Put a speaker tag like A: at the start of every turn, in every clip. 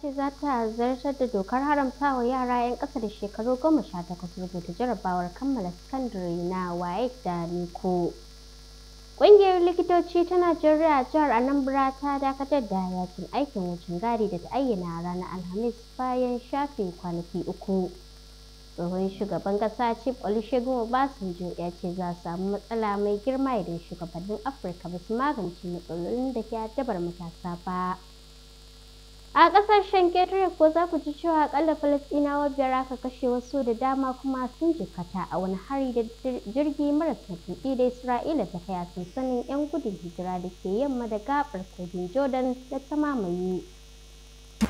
A: ce za ta zartar da dokar haramtawa yara 'yan ƙasa da shekaru goma sha takwas rubuta jarabawar kammala sakandare na waye da niko ƙungiyar likitoci ta najeriya jihar anambra ta dakatar da yakin aikin wucin gadi da ta ayyana ranar alhamis bayan shafe kwanaki uku tsohon shugaban ƙasa chief olusegun obasanjo ya ce za a samu matsala mai girma idan shugabannin afirka ba su magance matsalolin da ke addabar matasa ba A ƙasashen ƙetare ko za ku ji cewa akalla Falasɗinawa biyar aka kashe wasu da dama kuma sun jikkata a wani hari da jirgi maras matuƙi da Isra'ila ta kai a sansanin 'yan gudun hijira da ke yamma da gaɓar kogin Jordan da ta mamaye.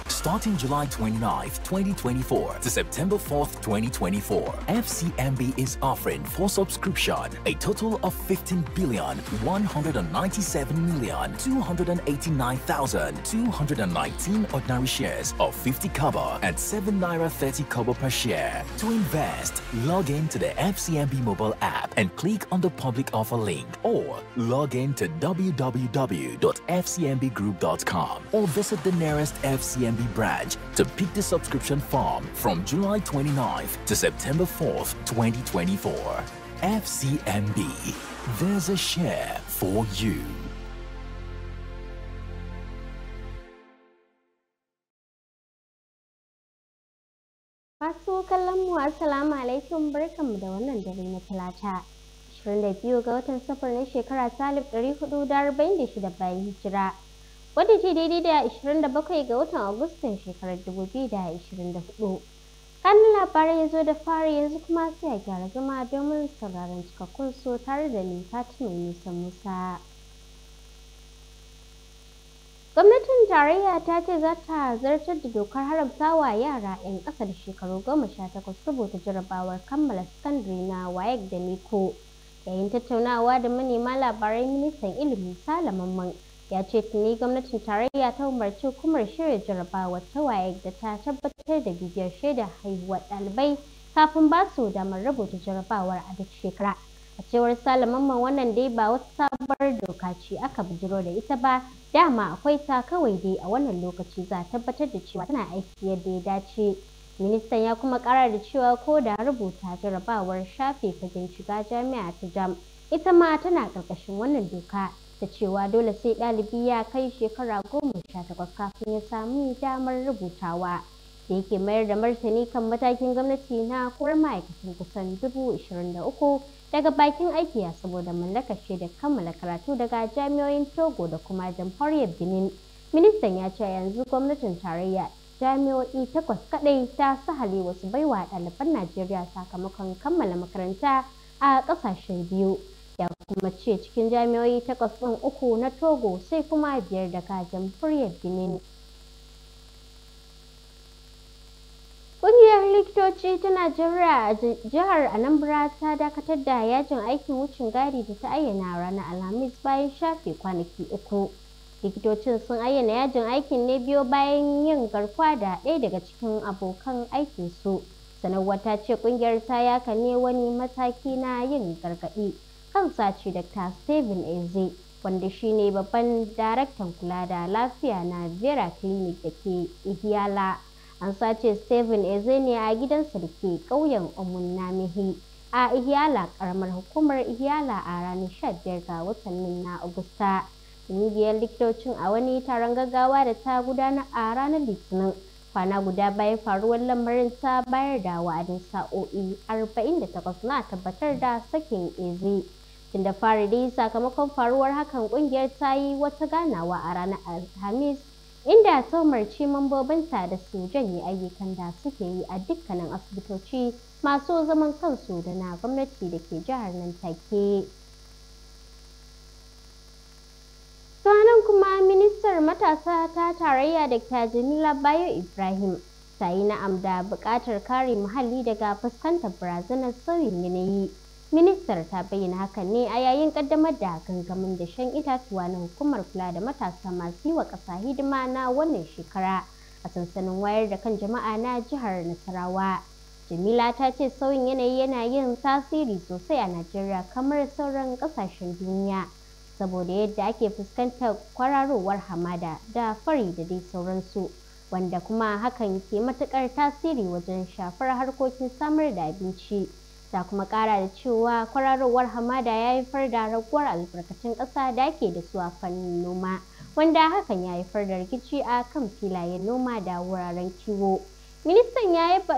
B: Starting July 29th, 2024 to September fourth, twenty 2024, FCMB is offering for subscription a total of 15 billion 197 million 289,219 ordinary shares of 50 kobo at 7 naira 30 kobo per share. To invest, log in to the FCMB mobile app and click on the public offer link or log in to www.fcmbgroup.com or visit the nearest FCMB CMB branch to pick the subscription form from July 29th to September 4th, 2024. FCMB, there's a share for you.
A: kallonmu assalamu alaikum barkanmu da wannan dare na talata 22 ga watan safar na shekara salif 446 bayan hijira wadda ce daidai da 27 ga watan Agustan shekarar 2024. Kanin labarai ya zo da fara yanzu kuma sai a gyara zama mun sauraron cikakkun so tare da ni Fatima Musa Musa. Gwamnatin tarayya ta ce za ta zartar da dokar haramta wa yara 'yan ƙasa da shekaru goma sha takwas saboda jarabawar kammala sakandare na WAEC da NICO. Yayin tattaunawa da manema labarai ministan ilimi Salaman ya ce tuni gwamnatin tarayya ta umarci hukumar shirya jarabawar ta waye da ta tabbatar da bibiyar shaidar haihuwar ɗalibai kafin ba su damar rubuta jarabawar a duk shekara a cewar salamanman wannan dai ba wata sabuwar doka ce aka bijiro da ita ba dama akwai ta kawai dai a wannan lokaci za a tabbatar da cewa tana aiki yadda ya dace ministan ya kuma kara da cewa ko da rubuta jarabawar shafe fagen shiga jami'a ta jam ita ma tana ƙarƙashin wannan doka da cewa dole sai ɗalibi ya kai shekara goma sha takwas kafin ya samu damar rubutawa da yake mayar da martani kan matakin gwamnati na kuwar ma'aikatan kusan dubu ashirin da uku daga bakin aiki saboda mallakar shaida kammala karatu daga jami'oyin togo da kuma jamhuriyar benin ministan ya ce yanzu gwamnatin tarayya jami'o'i takwas kadai ta sahale wasu baiwa ɗaliban najeriya sakamakon kammala makaranta a ƙasashen biyu ya kuma ce cikin jami'o'i takwas ɗin uku na togo sai kuma biyar daga jamhuriyar benin Ƙungiyar likitoci ta Najeriya a jihar Anambra ta dakatar da yajin aikin wucin gadi da ta ayyana ranar Alhamis bayan shafe kwanaki uku. Likitocin sun ayyana yajin aikin ne biyo bayan yin garkuwa da ɗaya daga cikin abokan aikinsu. Sanarwar ta ce ƙungiyar ta yaka ne wani mataki na yin gargaɗi. kan sace Dr. Steven Eze wanda shine babban daraktan kula da lafiya na Vera Clinic da ke ihiyala An sace Steven Eze ne a gidansa da ke ƙauyen Omunnamihi a ihiyala ƙaramar hukumar ihiyala a ranar 15 ga watan na Agusta. Ƙungiyar likitocin a wani taron gaggawa da ta gudana a ranar Litinin kwana guda bayan faruwar lamarin ta bayar da wa'adin sa'o'i 48 na tabbatar da sakin eze. tun da fari dai sakamakon faruwar hakan kungiyar ta yi wata ganawa a ranar alhamis inda ta umarci mambobinta da su janye ayyukan da suke yi a dukkanin asibitoci masu zaman kansu da na gwamnati da ke jihar nan take sanan kuma ministar matasa ta tarayya da Jamila bayo ibrahim ta yi na'am da buƙatar kare muhalli daga fuskantar barazanar sauyin yanayi ministar ta bayyana hakan ne a yayin kaddamar da gangamin da shan itatuwa na hukumar kula da matasa masu yi wa ƙasa hidima na wannan shekara a sansanin wayar da kan jama'a na jihar nasarawa jamila ta ce sauyin yanayi yana yin tasiri sosai a najeriya kamar sauran ƙasashen duniya saboda yadda ake fuskantar kwararowar hamada da fari da dai sauransu wanda kuma hakan ke matuƙar tasiri wajen shafar harkokin samar da abinci ta kuma kara da cewa kwararowar hamada ya haifar da raguwar albarkatun ƙasa da ake da su a fannin noma wanda hakan ya haifar da rikici a kan filayen noma da wuraren kiwo ministan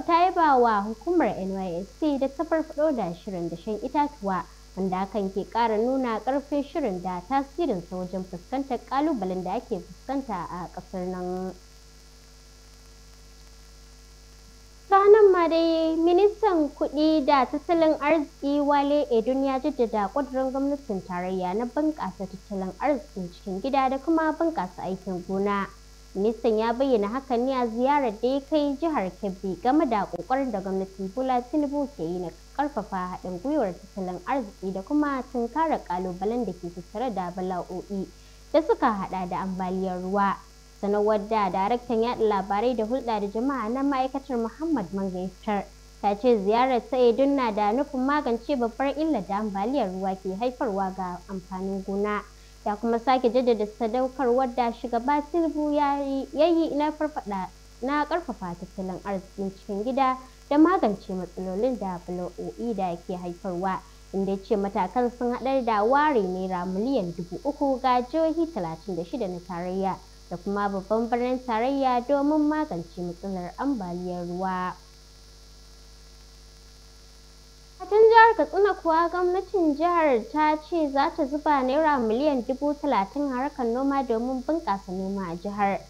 A: ta yaba wa hukumar nysc da ta farfado da shirin da shan itatuwa wanda hakan ke kara nuna ƙarfin shirin da tasirinsa wajen fuskantar ƙalubalen da ake fuskanta a ƙasar nan sanan ma ministan kuɗi da tattalin arziki wale edun ya jaddada ƙudurin gwamnatin tarayya na bunƙasa tattalin arzikin cikin gida da kuma bunƙasa aikin gona ministan ya bayyana hakan ne a ziyarar da ya kai jihar kebbi game da ƙoƙarin da gwamnatin bola tinubu ke yi na ƙarfafa haɗin gwiwar tattalin arziki da kuma tunkarar ƙalubalen da ke tattare da bala'o'i da suka haɗa da ambaliyar ruwa sanarwar da daraktan yaɗa labarai da hulɗa da jama'a na ma'aikatar muhammad mangayatar ta ce ziyarar ta na da nufin magance babbar illar da ambaliyar ruwa ke haifarwa ga amfanin gona ya kuma sake jaddada sadaukarwar da shugaba tinubu ya yi na farfada na karfafa tattalin arzikin cikin gida da magance matsalolin da bala'o'i da ke haifarwa inda ce matakan sun haɗar da ware naira miliyan dubu uku ga jihohi shida na tarayya da kuma babban birnin tarayya domin magance matsalar ambaliyar ruwa. A jihar Katsina kuwa gwamnatin jihar ta ce za ta zuba naira miliyan dubu talatin harkar noma domin bunƙasa noma a jihar.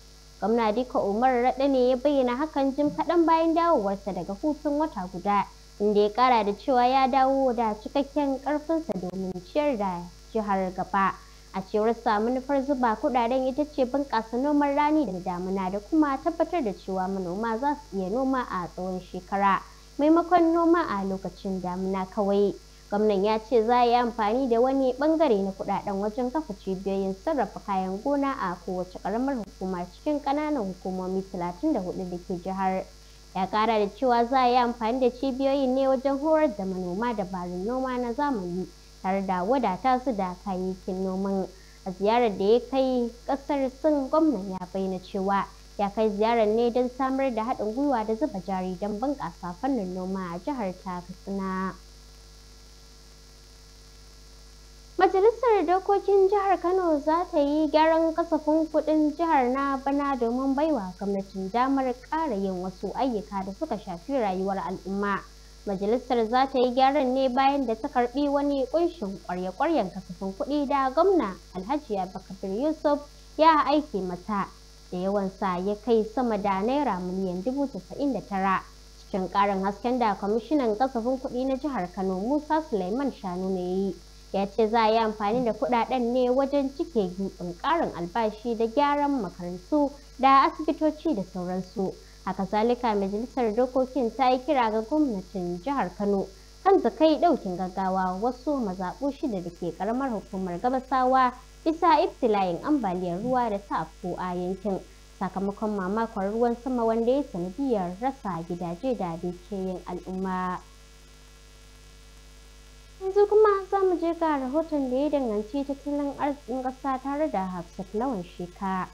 A: Gwamna Dika Umar Raɗa ne ya bayyana hakan jim kaɗan bayan dawowarsa daga hutun wata guda, inda ya ƙara da cewa ya dawo da cikakken ƙarfinsa domin ciyar da jihar gaba. a cewar sa manufar zuba kudaden ita ce bunƙasa noman rani da damuna da kuma tabbatar da cewa manoma za su iya noma a tsawon shekara maimakon noma a lokacin damuna kawai gwamnan ya ce za a yi amfani da wani bangare na kudaden wajen kafa cibiyoyin sarrafa kayan gona a kowace karamar hukuma cikin ƙananan hukumomi 34 da ke jihar ya kara da cewa za a yi amfani da cibiyoyin ne wajen horar da manoma dabarun noma na zamani tare da wadata su da kayayyakin noman a ziyarar da ya kai kasar sin gwamnan ya bayyana cewa ya kai ziyarar ne don samar da haɗin gwiwa da zuba jari don bunƙasa fannin noma a jihar ta katsina majalisar dokokin jihar kano za ta yi gyaran kasafin kuɗin jihar na bana domin baiwa gwamnatin damar ƙara yin wasu ayyuka da suka shafi rayuwar al'umma Majalisar za ta yi gyaran ne bayan da ta karɓi wani ƙunshin ƙwarya-ƙwaryen kasafin kuɗi da gwamna Alhaji Abubakar Yusuf ya aike mata da yawan sa ya kai sama da naira miliyan dubu casa'in da tara. Cikin ƙarin hasken da kwamishinan kasafin kuɗi na jihar Kano Musa Suleiman Shanu ne yi. Ya ce za a yi amfani da kuɗaɗen ne wajen cike giɓin ƙarin albashi da gyaran makarantu da asibitoci da sauransu. A kazalika majalisar dokokin ta yi kira ga gwamnatin jihar kano kan ta kai ɗaukin gaggawa wasu mazaɓu shida da ke karamar hukumar gabasawa bisa ibtila'in ambaliyar ruwa da ta afko a yankin sakamakon mamakon ruwan sama wanda ya sanadiyar rasa gidaje da dukiyoyin al'umma yanzu kuma za mu je ga rahoton da ya danganci tattalin arzikin ƙasa tare da hafsat lawan sheka.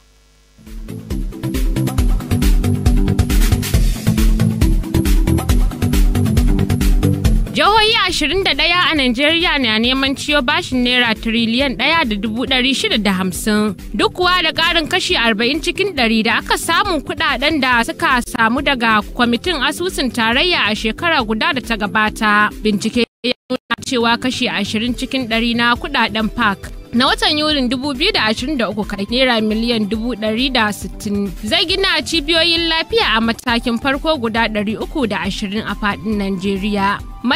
C: Jihohi 21 a Najeriya na neman ciyo bashin naira tiriliyan 1,650 duk kuwa da ƙarin kashi 40 cikin 100 da aka samu kudaden da suka samu daga kwamitin asusun tarayya a shekara guda da ta gabata. Bincike ya nuna cewa kashi 20 cikin 100 na kudaden park na watan yulin 2023 kai naira miliyan 160 zai gina cibiyoyin lafiya a matakin farko guda 320 a faɗin najeriya mu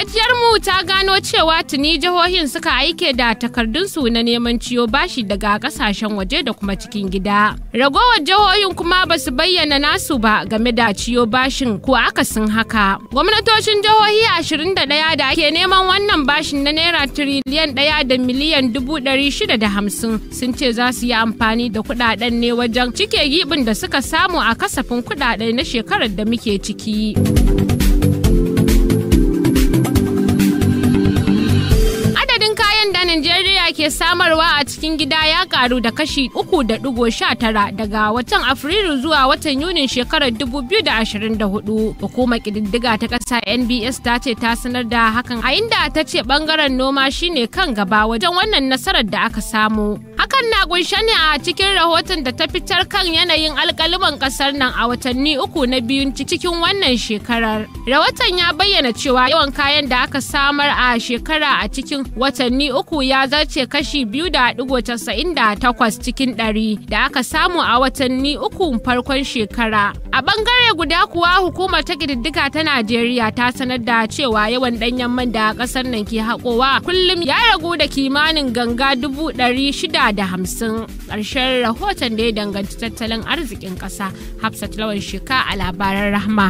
C: ta gano cewa tuni jihohin suka aike da takardunsu na neman ciyo bashi daga kasashen waje da kuma cikin gida. Ragowar jihohin kuma ba su bayyana nasu ba game da ciyo bashin ko akasin haka. Gwamnatocin jihohi 21 da ke neman wannan bashin na naira tiriliyan daya da miliyan dubu da hamsin sun ce za su yi amfani da kudaden ne wajen cike gibin da suka samu a kasafin kuɗaɗe na shekarar da muke ciki. ke samarwa a cikin gida ya karu da kashi 3.19 daga watan Afrilu zuwa watan Yunin shekarar 2024. Hukumar kididdiga ta ƙasa NBS ta ce ta sanar da hakan a inda ta ce bangaren noma shine kan gaba wajen wannan nasarar da aka samu. Hakan na kunshe ne a cikin rahoton da ta fitar kan yanayin alkaliman kasar nan a watanni uku na biyun cikin wannan shekarar. Rahoton ya bayyana cewa yawan kayan da aka samar a shekara a cikin watanni uku ya zarce kashi biyu da digo casa'in da takwas cikin ɗari da aka samu a watanni uku farkon shekara. A bangare guda kuwa hukumar ta ƙididdiga ta Najeriya ta sanar da cewa yawan ɗanyen man da ƙasar nan ke haƙowa kullum ya ragu da kimanin ganga dubu ɗari shida da hamsin ƙarshen rahoton da ya danganci tattalin arzikin ƙasa hafsat lawan shika a labaran rahma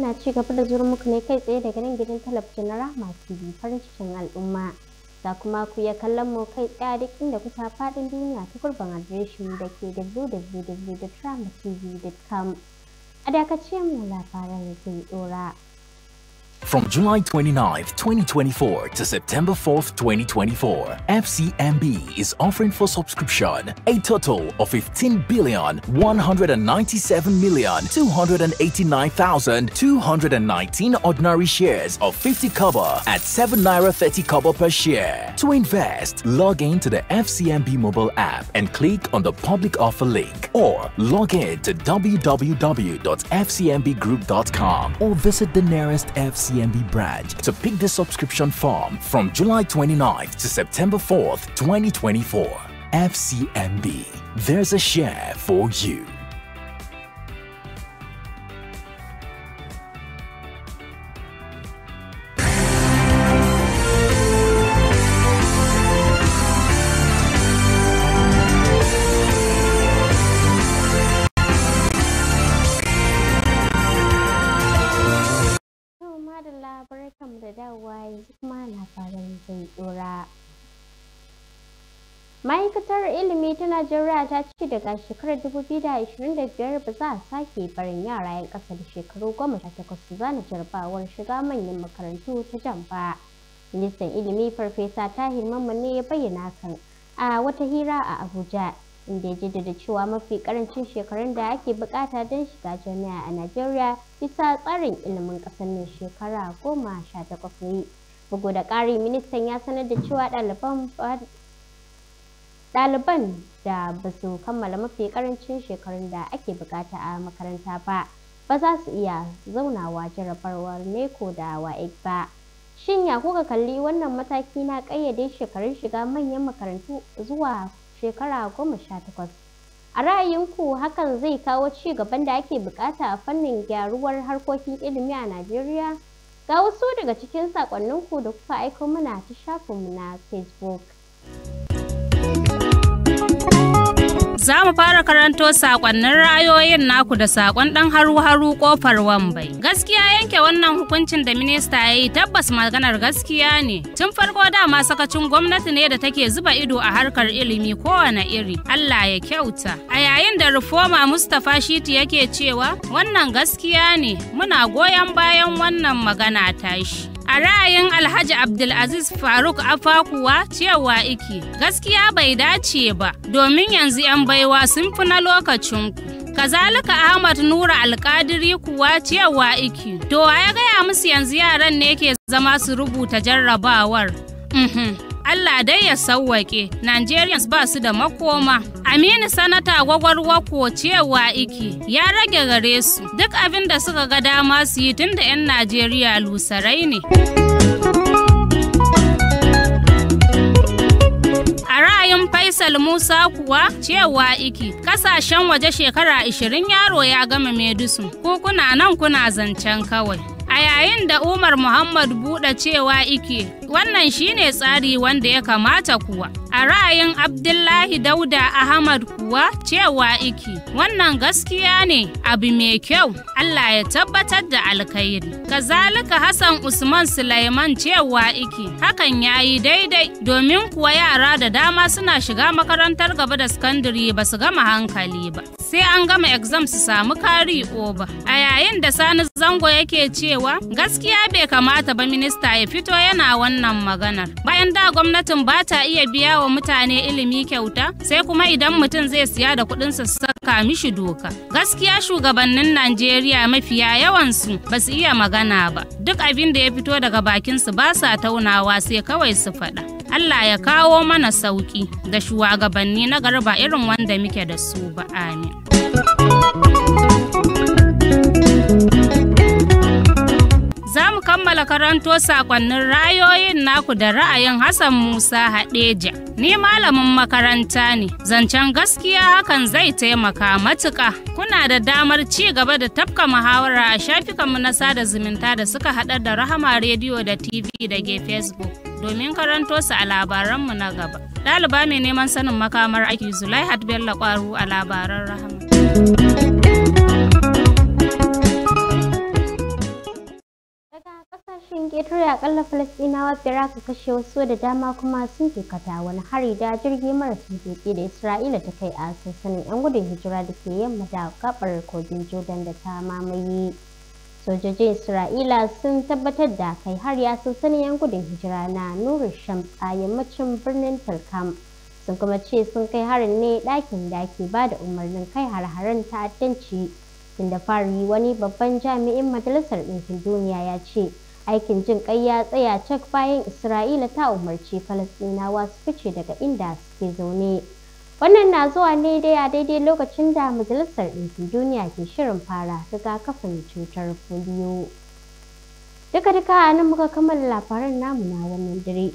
A: na ci gaba da zuwa muku ne kai tsaye daga nan gidan talabijin na rahma tv farin cikin al'umma Za kuma ku ya kallon mu kai tsaye duk inda kuka faɗin duniya ta kurban adireshin da ke www.rahmatv.com a dakace mu labaran da ke dora
B: From July 29, 2024 to September 4, 2024, FCMB is offering for subscription a total of 15 billion 197 million 219 ordinary shares of 50 kobo at 7 naira 30 kobo per share. To invest, log in to the FCMB mobile app and click on the public offer link or log in to www.fcmbgroup.com or visit the nearest FCMB CMB branch to pick the subscription form from July 29th to September 4th, 2024. FCMB, there's a share for you.
A: Ma'aikatar Ilimi ta Najeriya ta ce daga shekarar 2025 ba za a sake barin yara 'yan ƙasa da shekaru goma sha takwas su zana jarabawar shiga manyan makarantu ta jan ba. Ministan Ilimi Farfesa Tahir Mamman ne ya bayyana hakan a wata hira a Abuja. inda ya da cewa mafi karancin shekarun da ake bukata don shiga jami'a a Najeriya bisa tsarin ilimin kasar mai shekara goma sha takwas ne. Bugu da ƙari ministan ya sanar da cewa ɗaliban da ba su kammala mafi karancin shekarun da ake bukata a makaranta ba ba za su iya zaunawa jarabarwar neko da waec ba shin ya kuka kalli wannan mataki na ƙayyade shekarun shiga manyan makarantu zuwa shekara goma sha takwas. A ra'ayinku hakan zai kawo ci gaban da ake bukata a fannin gyaruwar harkokin ilimi a Najeriya? Ga wasu daga cikin sakonninku da kuka aiko mana ta shafinmu na Facebook.
D: Za mu fara karanto sakonnin ra'ayoyin naku da sakon ɗan haru-haru kofar wambai. Gaskiya yanke wannan hukuncin da minista ya yi tabbas maganar gaskiya ne. Tun farko dama sakacin gwamnati ne da take zuba ido a harkar ilimi kowane iri. Allah ya kyauta. A yayin da Rufoma Mustapha Shiti yake cewa wannan gaskiya ne muna goyon bayan wannan magana tashi. A ra'ayin Alhaji Abdulaziz Faruk Afakuwa cewa iki gaskiya bai dace ba domin yanzu 'yan baiwa sun fi na lokacinku. Kazalika Ahmad Nura Alkadiri kuwa cewa iki. To ya gaya musu yanzu yaran ne ke zama su rubuta jarrabawar. Mhm. Allah dai ya sauwaƙe, Nigerians ba su da makoma Aminu sanata gwagwarwa ko cewa iki ya rage gare su duk abin da suka ga dama su yi tun da 'yan Najeriya lusarai ne. Faisal Musa kuwa cewa iki kasashen waje shekara 20 yaro ya gama Medusun ko kuna nan kuna zancen kawai. a yayin da umar muhammad buɗe cewa ike wannan shine tsari wanda ya kamata kuwa a ra'ayin abdullahi dauda ahmad kuwa cewa ike. wannan gaskiya ne abu mai kyau allah ya tabbatar da alkhairi kazalika hassan usman sulaiman cewa ike. hakan ya yi daidai domin kuwa yara da dama suna shiga makarantar gaba da sakandare ba su gama hankali ba sai an gama exam su samu kari ba. a yayin da sani zango yake cewa gaskiya bai kamata ba minista ya fito yana wannan maganar bayan da gwamnatin ba ta iya biya wa mutane ilimi kyauta sai kuma idan mutum zai siya da su saka mishi doka gaskiya shugabannin najeriya mafiya yawansu ba su iya magana ba duk abin da ya fito daga bakinsu ba sa taunawa sai kawai su faɗa Allah ya kawo mana sauki da shugabanni na Garba irin wanda muke da su ba amin. Za mu kammala karanto sakonnin rayoyin naku da ra'ayin Hassan Musa Hadeja. Ni malamin makaranta ne, zancen gaskiya hakan zai taimaka matuka. Kuna da damar ci gaba da tafka muhawara a shafikanmu na sada zumunta da suka haɗa da Rahama Rediyo da TV da ke Facebook. domin karanto su a labaranmu na gaba. Ɗaliba mai neman sanin makamar aiki Zulaihat Bello Kwaru a labaran rahama.
A: Daga kasashen ƙetare ƙalla Falasɗinawa fira ka kashe wasu da dama kuma sun kata wani hari da jirgi mara tutuki da Isra'ila ta kai a sassanin 'yan gudun hijira da ke yamma da gaɓar kogin Jordan da ta mamaye. sojojin isra'ila sun tabbatar da kai har ya sansanin yan gudun hijira na nurin shams a yammacin birnin turkam sun kuma ce sun kai harin ne ɗakin da ke ba da umarnin kai har-haren ta'addanci inda fari wani babban jami'in majalisar ɗinkin duniya ya ce aikin jin kai ya tsaya cak bayan isra'ila ta umarci falasɗinawa su fice daga inda suke zaune Wannan na zuwa ne dai a daidai lokacin da Majalisar Ɗinkin Duniya ke shirin fara rigakafin cutar foliyo. Duka duka a nan muka kammala labaran namu na wannan dare.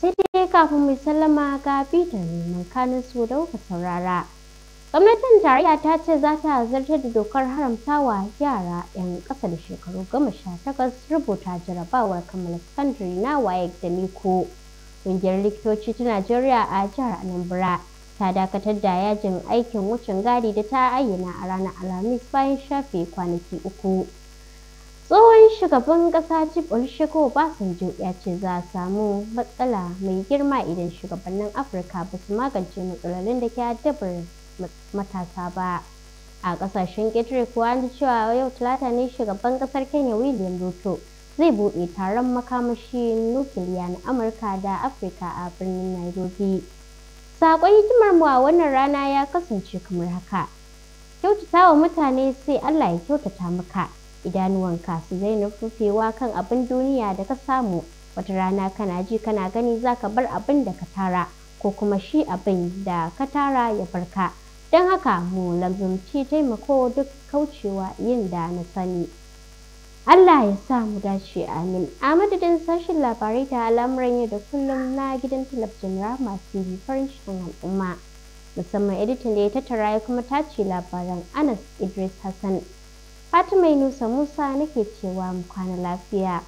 A: Sai dai kafin mu sallama ga bitar neman kanin su da kuka saurara. Gwamnatin tarayya ta ce za ta zartar da dokar haramtawa yara 'yan ƙasa da shekaru goma sha takwas rubuta jarabawar kammala sakandare na WAEC da NICO. Ƙungiyar likitoci ta Najeriya a jihar Anambra. ta dakatar da yajin aikin wucin gadi da ta ayyana a ranar alhamis bayan shafe kwanaki uku tsohon shugaban ƙasa jib olusegun obasanjo ya ce za a samu matsala mai girma idan shugabannin afirka ba su magance matsalolin da ke addabar matasa ba a kasashen ƙetare kuwa an cewa yau talata ne shugaban ƙasar kenya william ruto zai buɗe taron makamashi nukiliya na amurka da afirka a birnin nairobi Saƙon hikimar mu a wannan rana ya kasance kamar haka. Kyautata wa mutane sai Allah ya kyautata maka. Idanuwanka su na rufewa kan abin duniya da ka samu. Wata rana kana ji kana gani za ka bar abin da ka tara ko kuma shi abin da ka tara ya barka. Don haka mu lazumci taimako duk kaucewa yin da na sani. Allah ya sa mu dace amin. A madadin sashen labarai ta al'amuran yau da kullum na gidan talabijin Rama TV farin cikin al'umma. Musamman editan da ya tattara ya kuma tace labaran Anas Idris Hassan. Fatima Yunusa Musa nake cewa mu kwana lafiya.